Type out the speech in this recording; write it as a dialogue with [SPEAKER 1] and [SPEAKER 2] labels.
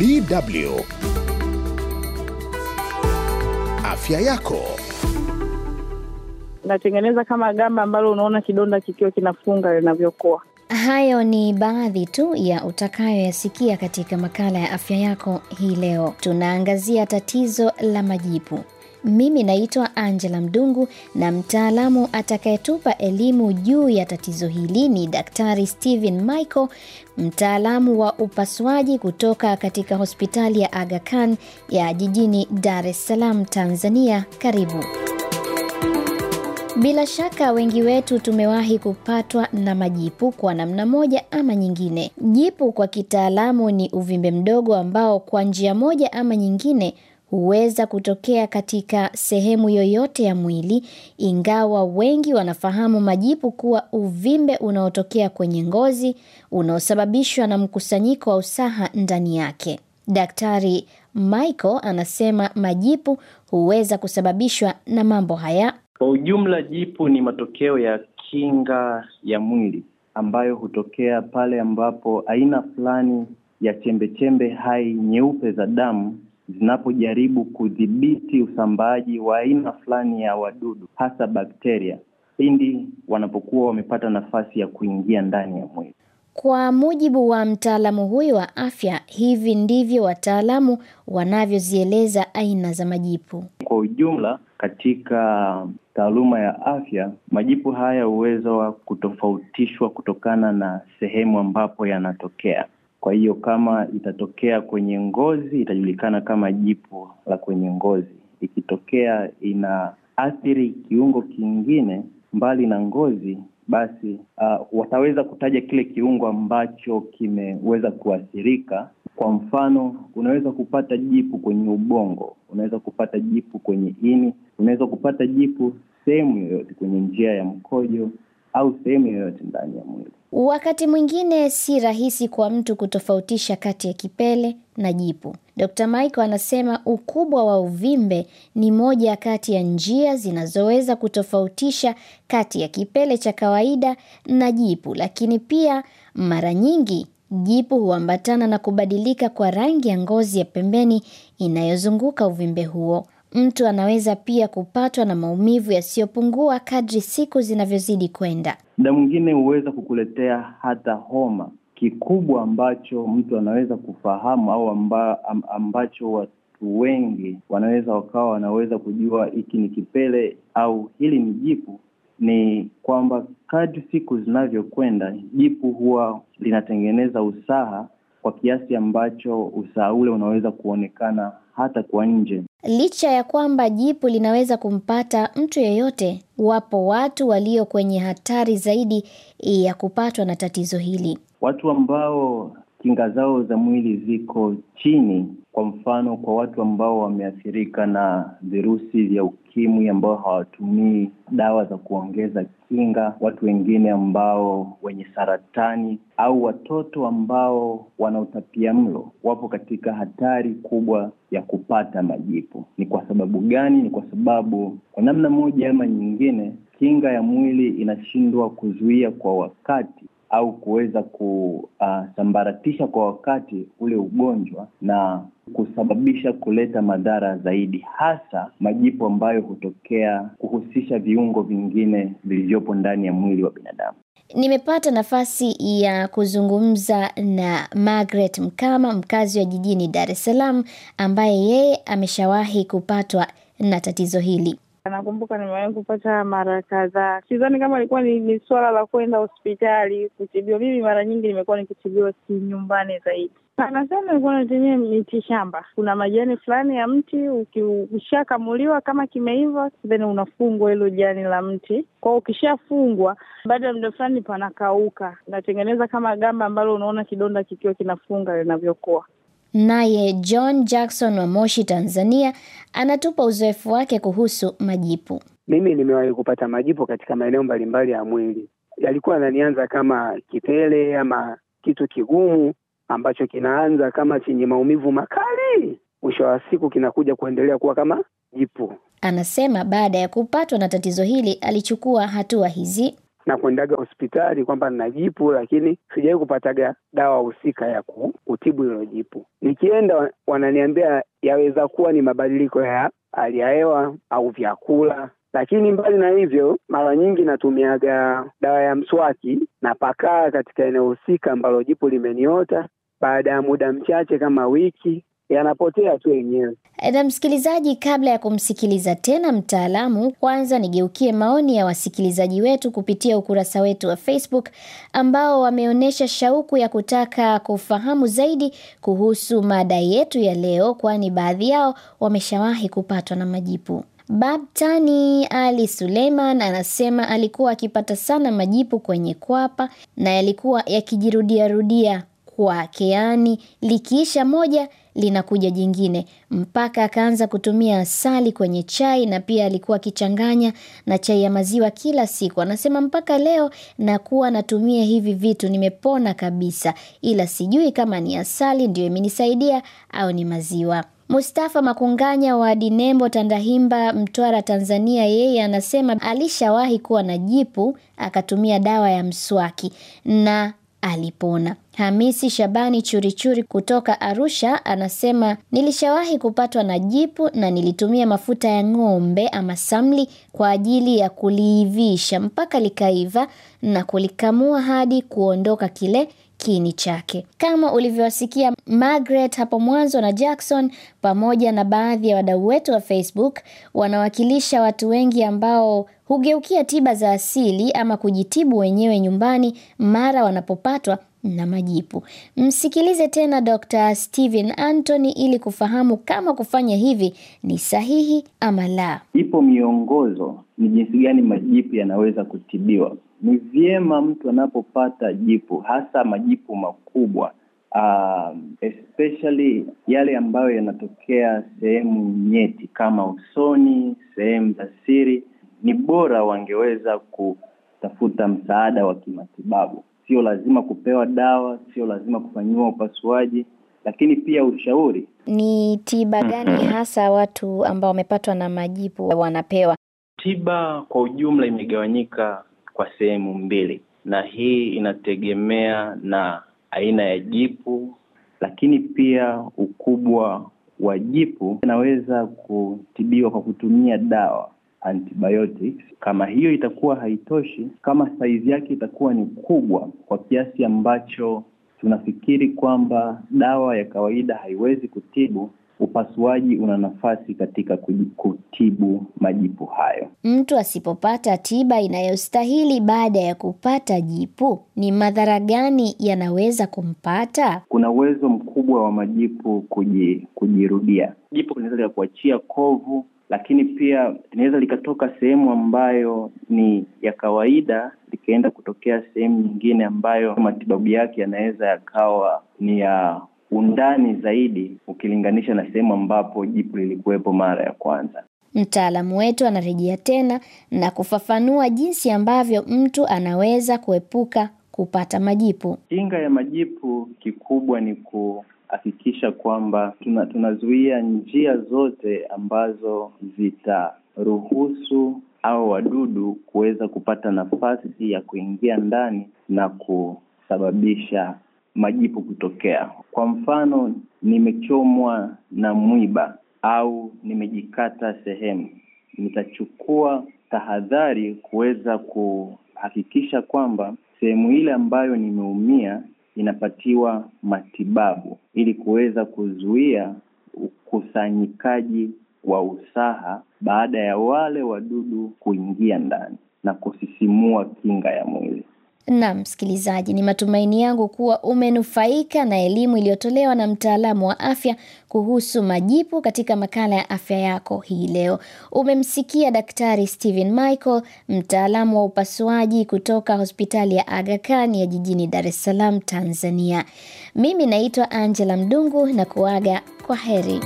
[SPEAKER 1] DW afya yako. Natengeneza kama gamba ambalo unaona kidonda kikiwa kinafunga linavyokoa. Hayo ni baadhi tu ya utakayoyasikia katika makala ya afya yako hii leo. Tunaangazia tatizo la majipu. Mimi naitwa Angela Mdungu na mtaalamu atakayetupa elimu juu ya tatizo hili ni Daktari stephen Michael, mtaalamu wa upasuaji kutoka katika hospitali ya Aga Khan ya jijini Dar es Salaam, Tanzania. Karibu. Bila shaka wengi wetu tumewahi kupatwa na majipu kwa namna moja ama nyingine. Jipu kwa kitaalamu ni uvimbe mdogo ambao kwa njia moja ama nyingine huweza kutokea katika sehemu yoyote ya mwili, ingawa wengi wanafahamu majipu kuwa uvimbe unaotokea kwenye ngozi unaosababishwa na mkusanyiko wa usaha ndani yake. Daktari Michael anasema majipu huweza kusababishwa na mambo haya.
[SPEAKER 2] Kwa ujumla, jipu ni matokeo ya kinga ya mwili ambayo hutokea pale ambapo aina fulani ya chembechembe hai nyeupe za damu zinapojaribu kudhibiti usambaaji wa aina fulani ya wadudu, hasa bakteria, pindi wanapokuwa wamepata nafasi ya kuingia ndani ya mwili.
[SPEAKER 1] Kwa mujibu wa mtaalamu huyu wa afya, hivi ndivyo wataalamu wanavyozieleza aina za majipu
[SPEAKER 2] kwa ujumla. Katika taaluma ya afya, majipu haya huweza kutofautishwa kutokana na sehemu ambapo yanatokea. Kwa hiyo kama itatokea kwenye ngozi itajulikana kama jipu la kwenye ngozi. Ikitokea ina athiri kiungo kingine mbali na ngozi, basi uh, wataweza kutaja kile kiungo ambacho kimeweza kuathirika. Kwa mfano, unaweza kupata jipu kwenye ubongo, unaweza kupata jipu kwenye ini, unaweza kupata jipu sehemu yoyote kwenye njia ya mkojo au sehemu yoyote ndani ya mwili.
[SPEAKER 1] Wakati mwingine si rahisi kwa mtu kutofautisha kati ya kipele na jipu. Dr. Michael anasema ukubwa wa uvimbe ni moja kati ya njia zinazoweza kutofautisha kati ya kipele cha kawaida na jipu, lakini pia mara nyingi jipu huambatana na kubadilika kwa rangi ya ngozi ya pembeni inayozunguka uvimbe huo. Mtu anaweza pia kupatwa na maumivu yasiyopungua kadri siku zinavyozidi kwenda.
[SPEAKER 2] Muda mwingine huweza kukuletea hata homa. Kikubwa ambacho mtu anaweza kufahamu au amba, ambacho watu wengi wanaweza wakawa wanaweza kujua hiki ni kipele au hili ni jipu ni kwamba kadri siku zinavyokwenda, jipu huwa linatengeneza usaha kwa kiasi ambacho usaha ule unaweza kuonekana hata kwa nje.
[SPEAKER 1] Licha ya kwamba jipu linaweza kumpata mtu yeyote, wapo watu walio kwenye hatari zaidi ya kupatwa na tatizo hili.
[SPEAKER 2] Watu ambao kinga zao za mwili ziko chini. Kwa mfano, kwa watu ambao wameathirika na virusi vya ukimwi ambao hawatumii dawa za kuongeza kinga, watu wengine ambao wenye saratani au watoto ambao wana utapia mlo wapo katika hatari kubwa ya kupata majipu. Ni kwa sababu gani? Ni kwa sababu kwa namna moja ama nyingine kinga ya mwili inashindwa kuzuia kwa wakati au kuweza kusambaratisha kwa wakati ule ugonjwa na kusababisha kuleta madhara zaidi, hasa majipu ambayo hutokea kuhusisha viungo vingine vilivyopo ndani ya mwili wa binadamu.
[SPEAKER 1] Nimepata nafasi ya kuzungumza na Margaret Mkama, mkazi wa jijini Dar es Salaam, ambaye yeye ameshawahi kupatwa na tatizo hili.
[SPEAKER 2] Nakumbuka nimewahi kupata mara kadhaa, sidhani kama ilikuwa ni, ni swala la kwenda hospitali kutibiwa. Mimi mara nyingi nimekuwa nikitibiwa si nyumbani zaidi, sana sana nilikuwa natumia miti shamba. Kuna majani fulani ya mti ukishakamuliwa kama kimeiva, then unafungwa hilo jani la mti kwao, ukishafungwa baada ya muda fulani panakauka, natengeneza kama gamba ambalo unaona kidonda kikiwa
[SPEAKER 1] kinafunga linavyokoa. Naye John Jackson wa Moshi, Tanzania, anatupa uzoefu wake kuhusu majipu.
[SPEAKER 2] Mimi nimewahi kupata majipu katika maeneo mbalimbali ya mwili. Yalikuwa yananianza kama kipele ama kitu kigumu ambacho kinaanza kama chenye maumivu makali, mwisho wa siku kinakuja kuendelea kuwa kama jipu.
[SPEAKER 1] Anasema baada ya kupatwa na tatizo hili alichukua hatua hizi
[SPEAKER 2] na kuendaga hospitali kwamba nina jipu, lakini sijawahi kupataga dawa husika ya kutibu hilo jipu. Nikienda wananiambia yaweza kuwa ni mabadiliko ya hali ya hewa au vyakula lakini mbali na hivyo, mara nyingi natumiaga dawa ya mswaki na pakaa katika eneo husika ambalo jipu limeniota. Baada ya muda mchache kama wiki, yanapotea tu yenyewe.
[SPEAKER 1] Eh, na msikilizaji, kabla ya kumsikiliza tena mtaalamu, kwanza nigeukie maoni ya wasikilizaji wetu kupitia ukurasa wetu wa Facebook ambao wameonyesha shauku ya kutaka kufahamu zaidi kuhusu mada yetu ya leo, kwani baadhi yao wameshawahi kupatwa na majipu. Babtani Ali Suleiman anasema alikuwa akipata sana majipu kwenye kwapa na yalikuwa yakijirudiarudia kwake, yaani likiisha moja linakuja jingine mpaka akaanza kutumia asali kwenye chai na pia alikuwa akichanganya na chai ya maziwa kila siku. Anasema mpaka leo nakuwa natumia hivi vitu, nimepona kabisa, ila sijui kama ni asali ndio imenisaidia au ni maziwa. Mustafa Makunganya wa Dinembo, Tandahimba, Mtwara, Tanzania, yeye anasema alishawahi kuwa na jipu akatumia dawa ya mswaki na alipona. Hamisi Shabani Churichuri kutoka Arusha anasema nilishawahi kupatwa na jipu na nilitumia mafuta ya ng'ombe ama samli kwa ajili ya kuliivisha mpaka likaiva na kulikamua hadi kuondoka kile kini chake. Kama ulivyowasikia Margaret hapo mwanzo na Jackson pamoja na baadhi ya wadau wetu wa Facebook, wanawakilisha watu wengi ambao hugeukia tiba za asili ama kujitibu wenyewe nyumbani mara wanapopatwa na majipu. Msikilize tena Dr. stehen Anthony ili kufahamu kama kufanya hivi ni sahihi ama la.
[SPEAKER 2] Ipo miongozo ni jinsi gani majipu yanaweza kutibiwa. Ni vyema mtu anapopata jipu, hasa majipu makubwa Uh, especially yale ambayo yanatokea sehemu nyeti kama usoni, sehemu za siri ni bora wangeweza kutafuta msaada wa kimatibabu. Sio lazima kupewa dawa, sio lazima kufanyiwa upasuaji, lakini pia ushauri.
[SPEAKER 1] Ni tiba gani mm-hmm. hasa watu ambao wamepatwa na majipu wanapewa?
[SPEAKER 2] Tiba kwa ujumla imegawanyika kwa sehemu mbili, na hii inategemea na aina ya jipu, lakini pia ukubwa wa jipu. Inaweza kutibiwa kwa kutumia dawa antibiotics. Kama hiyo itakuwa haitoshi, kama saizi yake itakuwa ni kubwa kwa kiasi ambacho tunafikiri kwamba dawa ya kawaida haiwezi kutibu, upasuaji una nafasi katika kutibu majipu hayo.
[SPEAKER 1] Mtu asipopata tiba inayostahili baada ya kupata jipu, ni madhara gani yanaweza kumpata?
[SPEAKER 2] Kuna uwezo mkubwa wa majipu kuji, kujirudia. Jipu linaweza likakuachia kovu lakini pia linaweza likatoka sehemu ambayo ni ya kawaida likaenda kutokea sehemu nyingine ambayo matibabu yake yanaweza yakawa ni ya undani zaidi ukilinganisha na sehemu ambapo jipu lilikuwepo mara ya
[SPEAKER 1] kwanza. Mtaalamu wetu anarejea tena na kufafanua jinsi ambavyo mtu anaweza kuepuka kupata majipu.
[SPEAKER 2] Kinga ya majipu kikubwa ni ku kuhakikisha kwamba tuna, tunazuia njia zote ambazo zitaruhusu au wadudu kuweza kupata nafasi ya kuingia ndani na kusababisha majipu kutokea. Kwa mfano, nimechomwa na mwiba au nimejikata sehemu, nitachukua tahadhari kuweza kuhakikisha kwamba sehemu ile ambayo nimeumia inapatiwa matibabu ili kuweza kuzuia ukusanyikaji wa usaha baada ya wale wadudu kuingia ndani na kusisimua kinga ya mwili
[SPEAKER 1] na msikilizaji, ni matumaini yangu kuwa umenufaika na elimu iliyotolewa na mtaalamu wa afya kuhusu majipu katika makala ya afya yako hii leo. Umemsikia Daktari Stephen Michael, mtaalamu wa upasuaji kutoka hospitali ya Aga Khan ya jijini Dar es Salaam, Tanzania. Mimi naitwa Angela Mdungu na kuaga kwa heri.